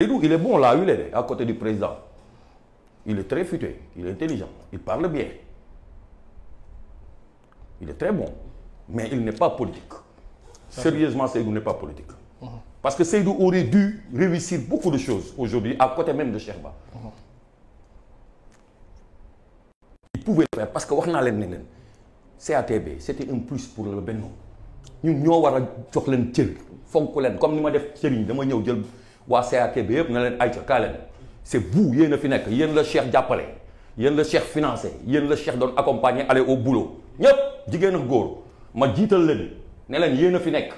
Seydou il est bon là où il à côté du président il est très futé il est intelligent il parle bien il est très bon mais il n'est pas politique sérieusement Seydou n'est pas politique mhm. parce que Seydou aurait dû réussir beaucoup de choses aujourd'hui à côté même de Cheikh Ba mhm. il pouvait faire parce que wax naa leen ne leen CATB c'était un plus pour le Benno ñun ñoo war a jox leen cër fonk leen comme ni ma def cër ñi dama ñëw jël waa CAK bi yëpp na leen ayca kaa leen c'est vous yéen a fi nekk yéen la Cheikh jàppale yéen la Cheikh financé yéen la Cheikh doon accompagner aller au boulot ñëpp jigéen góor ma jiital leen ne leen yéen a fi nekk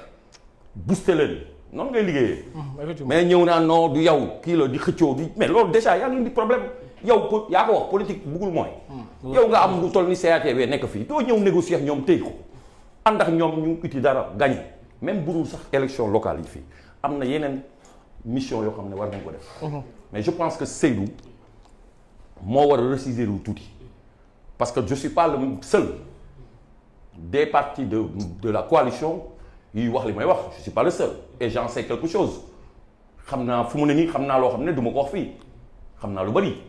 buste leen noonu ngay liggéeyee. Mmh, mais ñëw naa noo du yow kii la di xëccoo di mais loolu déjà yaa ngi di problème yow po yaa ko wax politique buggul mooy. Mmh, yow nga am lu toll ni CAK bi nekk fii doo ñëw négocier ak ñoom téy ko ànd ak ñoom ñu uti dara gagné même bu sax élection locale yi fii am na mission yoo xam ne war nañ ko def. Mhm. mais je pense que Seydou moo war a ressaisir tuuti parce que je suis pas le seul des partis de de la coalition yuy wax li may wax je suis pas le seul et j'en sais quelque chose xam naa fu mu ne nii xam naa loo xam ne du ma ko wax fii xam naa lu bari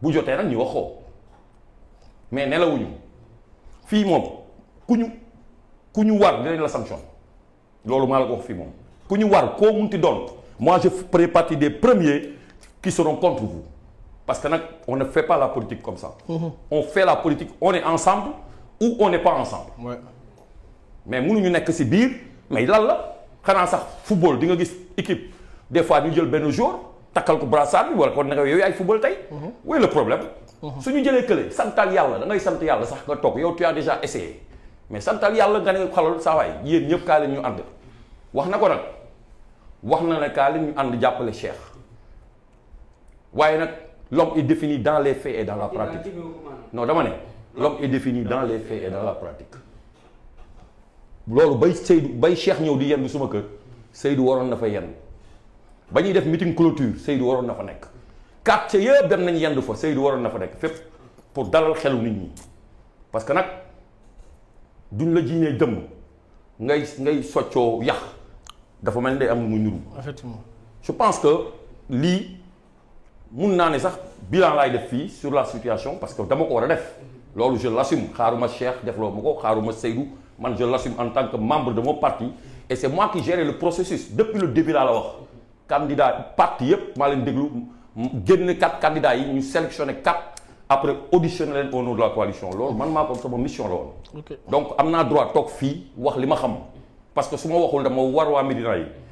bu jotee nag ñu wax ko mais nelawuñu fii moom ku ñu ku ñu war dinañ la sanction loolu maa la ko wax fii moom. ku ñu war koo munti doon moi je des premiers qui seront contre vous parce que nag on ne fait pas la politique comme ça. Mm-hmm. on fait la politique on est ensemble ou on n'est pas ensemble. Ouais. mais mënuñu nekk si biir mais lan la xanaa sax football di nga gis équipe des fois ñu jël benn jour takkal ko brassard bi wala kon nag yow yaay football tey. Mm-hmm. oui le problème. Mm-hmm. su ñu jëlee kële santal yàlla da ngay yàlla sax nga toog yow tu déjà essayé mais santal wax na ko nag wax na ne kaa li ñu ànd jàppale Cheikh waaye nag l'homme est défini dans les faits et dans la pratique noo dama ne l'homme est défini dans les faits et dans la pratique loolu bay Seydou bay Cheikh ñëw di yendu suma kër Seydou waroon na fa yendu ba ñuy def meeting clôture Seydou waroon na fa nekk quartier yëpp dem nañ yendu fa Seydou waroon na fa nekk fépp pour dalal xelu nit ñi parce que nag duñ la jiinee dëmm ngay ngay soccoo yax dafa mel ni day am lu mu ñuru effectivement je pense que lii mun naa ne sax bilan laay def fii sur la situation parce que dama ko war a def loolu je l'assume xaaruma Cheikh defloo ma ko xaaruma Seydou man je l'assume en tant que membre de mon parti et c'est moi qui gère le processus depuis le début laa la wax candidat parti yëpp maa leen déglu génn quatre candidats yi ñu sélectionné quatre après auditionné leen au nom de la coalition loolu man maa ko sama mission la woon donc am naa droit toog fii wax li ma xam parce que su ma waxul dama war waa Medina yi